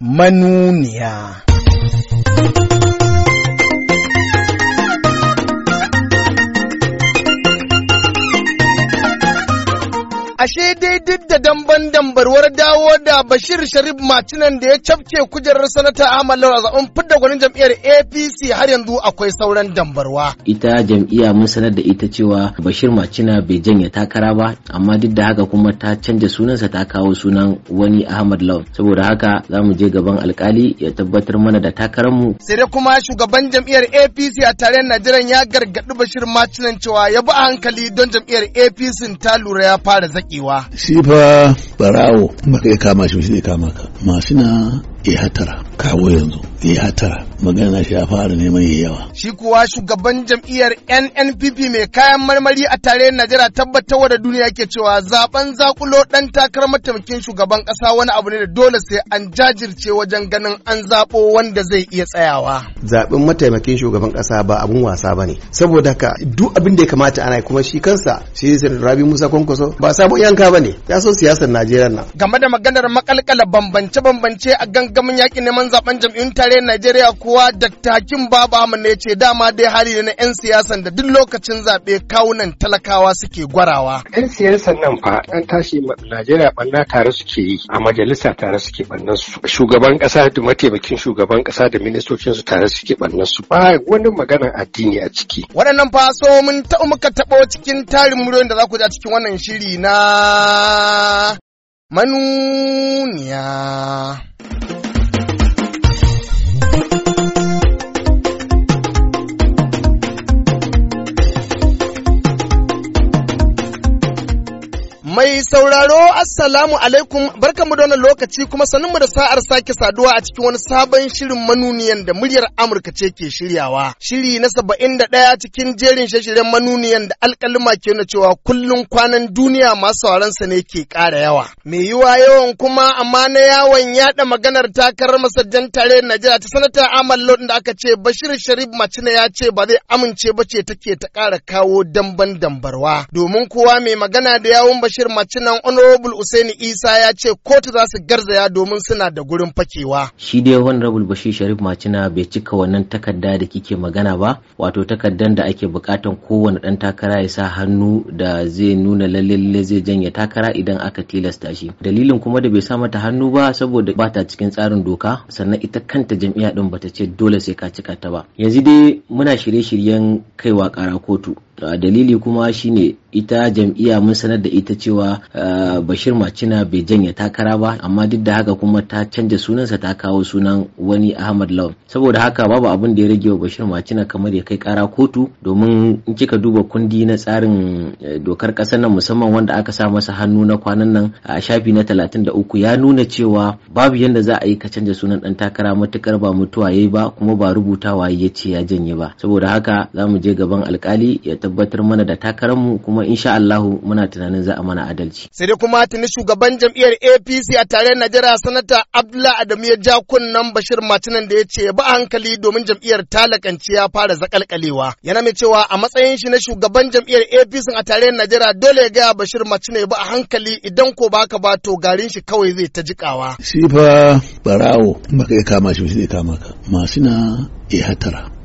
manuniya. ashe dai duk da damban dambarwar dawo da Bashir Sharif macinan da ya cafke kujerar sanata Ahmad Lawal a zaben fidda gwanin jam'iyyar APC har yanzu akwai sauran dambarwa. Ita jam'iyya mun sanar da ita cewa Bashir Macina bai janye takara ba amma duk da haka kuma ta canza sunansa ta kawo sunan wani Ahmad law saboda haka za mu je gaban alkali ya tabbatar mana da takarar mu Sai dai kuma shugaban jam'iyyar APC a tarayyar Najeriya ya gargadi Bashir Macinan cewa ya bi a hankali don jam'iyyar APC ta lura ya fara zaki. haƙewa. Shi fa barawo ba kai kama shi zai kama ka. na ya hatara kawo yanzu ya hatara magana shi ya fara neman ya yawa. Shi kuwa shugaban jam'iyyar NNPP mai kayan marmari a tare Najeriya tabbatarwa da duniya ke cewa zaben zakulo dan takarar mataimakin shugaban kasa wani abu ne da dole sai an jajirce wajen ganin an zabo wanda zai iya tsayawa. Zaben mataimakin shugaban kasa ba abun wasa bane saboda ka duk abin da ya kamata ana kuma shi kansa shi Rabi Musa Kwankwaso ba sabon yanka bane ya so siyasar Najeriya nan. Game da maganar makalkala bambance-bambance a gangan mun yakin neman zaben jam'iyyun tare Najeriya kuwa takin babu Ahmad ne ce dama dai hari ne na 'yan siyasan da duk lokacin zaɓe kawunan talakawa suke gwarawa. 'Yan siyasan nan fa an tashi Najeriya ɓanna tare suke yi a majalisa tare suke ɓannan su. Shugaban ƙasa da mataimakin shugaban ƙasa da ministocin su tare suke ɓannan su ba wani maganar addini a ciki. Waɗannan fa so mun taɓa muka taɓo cikin tarin muryoyin da za ku ji a cikin wannan shiri na manuniya. Mai sauraro Assalamu alaikum barkanmu da wannan lokaci kuma saninmu da sa'ar sake saduwa a cikin wani sabon shirin manuniyan da muryar Amurka ce ke shiryawa. Shiri na saba'in da ɗaya cikin jerin shirye-shiryen manuniyan da alƙalima ke na cewa kullum kwanan duniya masu sauransa ne ke ƙara yawa. Mai yiwa yawan kuma amma na yawon yaɗa maganar takarar masajjan tare Najeriya ta sanata Amal lord da aka ce Bashir Sharif Macina ya ce ba zai amince ba ce take ta ƙara kawo damban dambarwa. Domin kowa mai magana da yawon Bashir jihar Macinan Honorable Usaini Isa ya ce kotu za su garzaya domin suna da gurin fakewa. Shi dai Honorable Bashir Sharif Macina bai cika wannan takarda da kike magana ba, wato takardar da ake bukatan kowane dan takara ya sa hannu da zai nuna lalle zai janye takara idan aka tilasta shi. Dalilin kuma da bai sa mata hannu ba saboda ba ta cikin tsarin doka, sannan ita kanta jam'iyya din bata ce dole sai ka cika ta ba. Yanzu dai muna shirye-shiryen kaiwa kara kotu. dalili kuma shine ita jam'iyya mun sanar da ita cewa bashir macina bai janye takara ba amma duk da haka kuma ta canja sunansa ta kawo sunan wani ahmad law saboda haka babu abin da ya rage wa bashir macina kamar ya kai kara kotu domin in kika duba kundi na tsarin eh, dokar kasar nan musamman wanda aka sa masa hannu na kwanan nan a shafi na talatin da uku, ya nuna cewa babu yadda za a yi ka canja sunan dan takara matukar ba mutuwa yayi ba kuma ba rubutawa ya ce ya janye ba saboda haka za mu je gaban alkali ya tabbatar mana da takararmu kuma insha Allahu muna tunanin za a mana adalci. Sai dai kuma tuni shugaban jam'iyyar APC a tare Najeriya sanata Abdullah Adamu ya ja kunnan Bashir Matinan da ya ce ba hankali domin jam'iyyar talakanci ya fara zakalkalewa. Yana mai cewa a matsayin shi na shugaban jam'iyyar APC a tare Najeriya dole ya gaya Bashir Matinan ba a hankali idan ko baka ba to garin shi kawai zai ta jikawa. Shi fa barawo baka kama shi zai kama ka. Masu na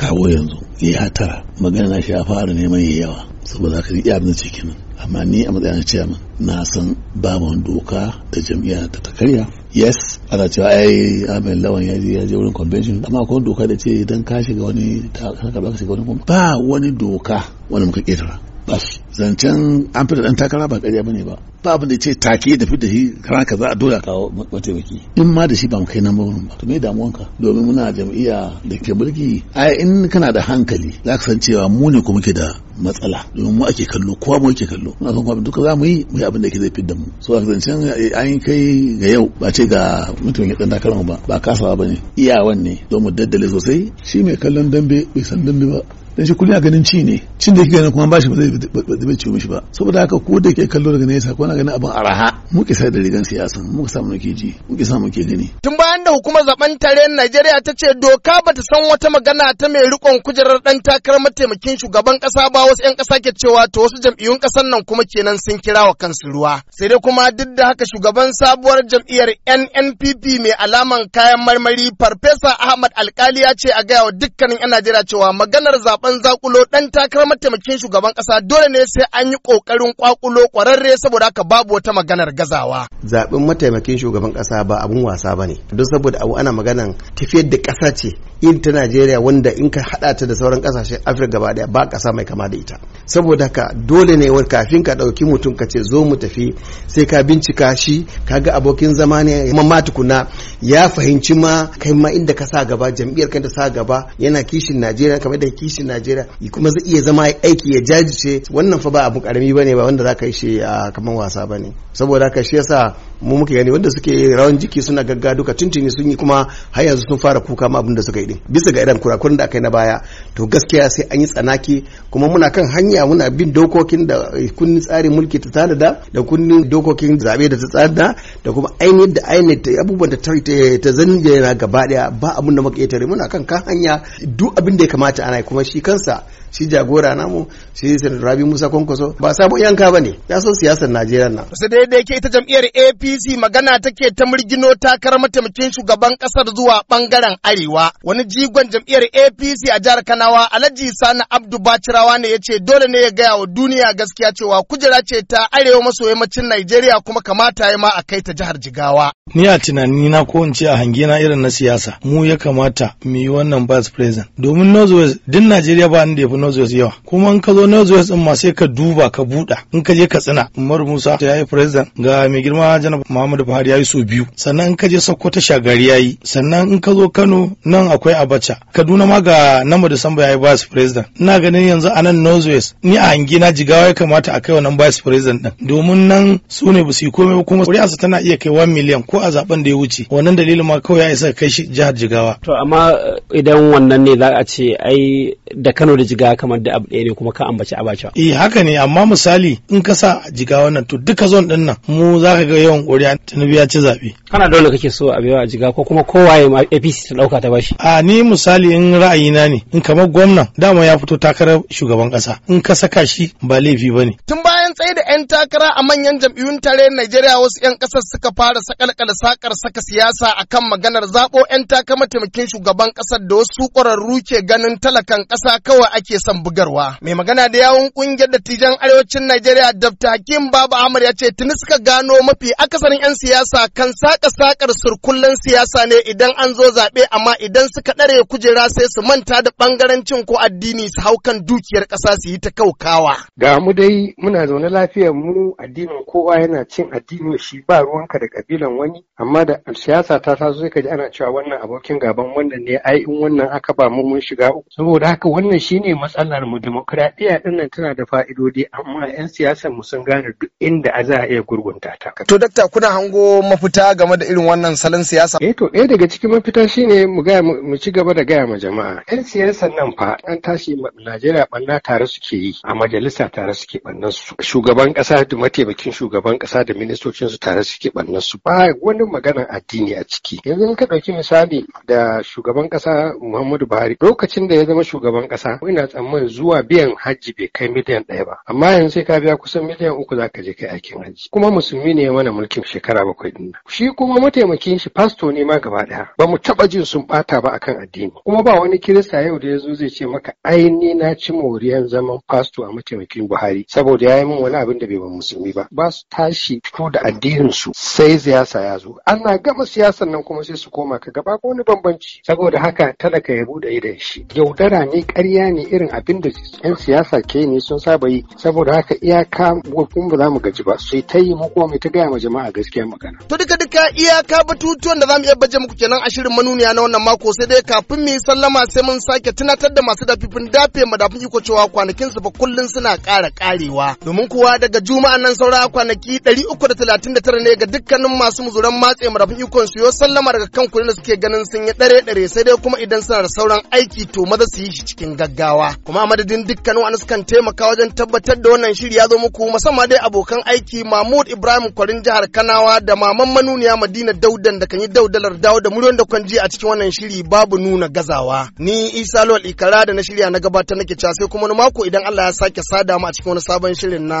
kawo yanzu ya eh, yi tara magana na shi ya fara neman ya yawa saboda ka yi abin cikin amma ni a matsayin chairman na san babu doka da jam'iyya ta ta karya yes ana cewa ai amin lawan ya je ya je wurin convention amma akwai doka da ce idan ka shiga wani ta ka shiga wani ba wani doka wani muka ketara bas zancen an fita dan takara ba ƙarya bane ba ba abin da ce take da fita shi ran za a dole kawo mataimaki in ma da shi ba mu kai nan wurin ba to me damuwanka domin muna jam'iyya da ke mulki ai in kana da hankali za ka san cewa mu ne kuma ke da matsala domin mu ake kallo kowa mu ake kallo muna son kuma duka za mu yi mu yi abin da ke zai fidda mu so a zancen an kai ga yau ba ce ga ya dan takarar ba ba kasawa ba ne iyawan ne don mu daddale sosai shi mai kallon dambe bai san dambe ba dan shi kullum ganin ci ne cin da yake ganin kuma bashi ba zai bai ciwo mishi ba saboda haka ko da ke kallo daga nesa ko na ganin abin araha muke sai da rigan siyasa muke samu muke ji muke samu muke gani tun bayan da hukumar zaben tarayyar Najeriya ta ce doka bata san wata magana ta mai rikon kujerar dan takarar mataimakin shugaban kasa ba wasu yan kasa ke cewa to wasu jam'iyyun kasan nan kuma kenan sun kira wa kansu ruwa sai dai kuma duk da haka shugaban sabuwar jam'iyyar NNPP mai alaman kayan marmari farfesa Ahmad Alkali ya ce a gaya wa dukkanin 'yan Najeriya cewa maganar zaben an zakulo dan takarar mataimakin shugaban kasa dole ne sai an yi kokarin kwakulo kwararre saboda haka babu wata maganar gazawa zaben mataimakin shugaban kasa ba abun wasa bane don saboda abu ana maganan tafiyar da kasa ce in ta Najeriya wanda in ka hada ta da sauran kasashen Afirka gaba daya ba kasa mai kama da ita saboda haka dole ne wani kafin ka dauki mutum ka ce zo mu tafi sai ka bincika shi ka ga abokin zama ne ma tukuna ya fahimci ma kai ma inda ka sa gaba jam'iyyar kanta sa gaba yana kishin Najeriya kamar da kishin Najeriya kuma zai iya zama aiki ya jajice wannan fa ba abu karami bane ba wanda za ka yi shi a ah, kaman wasa bane saboda haka shi yasa mu muke gani wanda suke rawan jiki suna gagga duka tuntuni sun yi kuma har yanzu sun fara kuka ma abin suka yi din bisa ga irin kurakurin da aka yi na baya to gaskiya sai an yi tsanaki kuma muna kan hanya muna bin dokokin da eh, kunnin tsarin mulki ta tsada da kunnin dokokin zabe da ta tsada da kuma ainihin da ainihin ta abubuwan da ta ta na gaba daya ba abin da muka tare muna kan kan hanya duk abin da ya kamata ana kuma shi kansa shi jagora namu shi Rabi Musa Kwankwaso ba sabon yanka bane ya so siyasar Najeriya na sai daidai ke ita jam'iyyar AP APC magana take ta mirgino takar mataimakin shugaban kasar zuwa bangaren Arewa. Wani jigon jam'iyyar APC a jihar Kanawa Alhaji Sani Abdu Bacirawa ne yace dole ne ya gaya wa duniya gaskiya cewa kujera ce ta Arewa maso yammacin Najeriya kuma kamata ya ma a kai ta jihar Jigawa. Ni a tunani na ko in a hange na irin na siyasa mu ya kamata mu yi wannan vice president domin Northwest din Najeriya ba ni da yafi Northwest yawa kuma in ka zo North din ma sai ka duba ka buɗa in ka je ka tsina Umar Musa ya yi president ga mai girma Janar Muhammadu Buhari ya yi so biyu sannan in ka je Sokoto shagari ya yi sannan in ka zo Kano nan akwai Abacha Kaduna ma ga Namba Disamba ya yi vice president ina ganin yanzu Anan nan Northwest ni a hangi na jigawa ya kamata a kai wannan vice president din domin nan su ne ba su yi komai kuma kuri'arsa tana iya kai 1 million ko a zaben da ya wuce wannan dalilin ma kawai ya isa kai shi jihar Jigawa to amma uh, idan wannan ne za a ce ai da Kano da Jigawa kamar da abu ɗaya ne kuma ka ambaci Abacha eh haka ne amma misali in ka sa Jigawa nan to duka zon din nan mu za ka ga yawan ƙuri'a na ya ci zaɓe. Kana dole kake so a baiwa a jiga ko kuma kowaye ma APC ta ɗauka ta bashi. A ni misali in ra'ayina ne in kamar gwamnan dama ya fito takarar shugaban ƙasa in ka saka shi ba laifi ba ne. Tun baya bayan tsaye da 'yan takara a manyan jam'iyyun tarayyar Najeriya wasu 'yan ƙasar suka fara sakalkala sakar saka siyasa a kan maganar zaɓo 'yan takama taimakin shugaban ƙasar da wasu ƙwararru ke ganin talakan ƙasa kawai ake son bugarwa. Mai magana da yawun ƙungiyar dattijan arewacin Najeriya Dr. Hakim Baba Ahmad ya ce tuni suka gano mafi akasarin 'yan siyasa kan saka sakar surkullen siyasa ne idan an zo zaɓe amma idan suka ɗare kujera sai su manta da ɓangarancin ko addini su hau kan dukiyar ƙasa su yi ta kaukawa. Ga mu dai muna zaune zaune lafiyar mu addinin kowa yana cin addinin shi ba ruwanka da kabilan wani amma da siyasa ta taso sai ka ana cewa wannan abokin gaban wannan ne ai in wannan aka ba mu mun shiga uku saboda haka wannan shine matsalar mu demokradiyya din tana da fa'idodi amma yan siyasar mu sun gane duk inda a za a iya gurgunta ta to dakta kuna hango mafita game da irin wannan salon siyasa eh to ɗaya daga cikin mafita shine mu ga mu ci gaba da gaya ma jama'a yan siyasar nan fa an tashi Najeriya banna tare suke yi a majalisa tare suke bannan su shugaban ƙasa da mataimakin shugaban ƙasa da ministocin su tare suke bannan su ba wani maganar addini a ciki yanzu ka ɗauki misali da shugaban ƙasa Muhammadu Buhari lokacin da ya zama shugaban ƙasa ina tsammanin zuwa biyan hajji bai kai miliyan ɗaya ba amma yanzu sai ka biya kusan miliyan uku za ka je kai aikin hajji kuma musulmi ne ya mana mulkin shekara bakwai din shi kuma mataimakin shi fasto ne ma gaba ɗaya ba mu taɓa jin sun ɓata ba akan addini kuma ba wani kirista yau da ya zo zai ce maka Aini na ci moriyan zaman fasto a mataimakin Buhari saboda ya yi min wani abin da bai ba musulmi ba ba su tashi fito da addinin su sai siyasa ya zo ana gama siyasan nan kuma sai su koma ka gaba ko wani bambanci saboda haka talaka ya bude idan shi yaudara ne ƙarya ne irin abin da yan siyasa ke ne sun saba yi saboda haka iyaka kun ba za mu gaji ba sai ta yi muku mai ta gaya ma jama'a gaskiya magana to duka duka iyaka batutuwan da za mu iya baje muku kenan a shirin manuniya na wannan mako sai dai kafin mu yi sallama sai mun sake tunatar da masu dafifin dafe madafin iko cewa kwanakin su ba kullun suna ƙara ƙarewa domin kuwa daga juma'a nan saura kwanaki 339 ne ga dukkanin masu muzuran matse marafin ikon su yo sallama daga kan kudin da suke ganin sun yi dare dare sai dai kuma idan suna da sauran aiki to maza su yi shi cikin gaggawa kuma a madadin dukkanin wani sukan taimaka wajen tabbatar da wannan shiri ya zo muku musamman dai abokan aiki Mahmud Ibrahim Kwarin jihar Kanawa da maman manuniya Madina Daudan da kan yi daudalar dawo da muryon da kwanji a cikin wannan shiri babu nuna gazawa ni Isa Lawal Ikara da na shirya na gabatar nake cewa sai kuma mako idan Allah ya sake sada mu a cikin wani sabon shirin na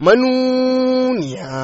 manuniya.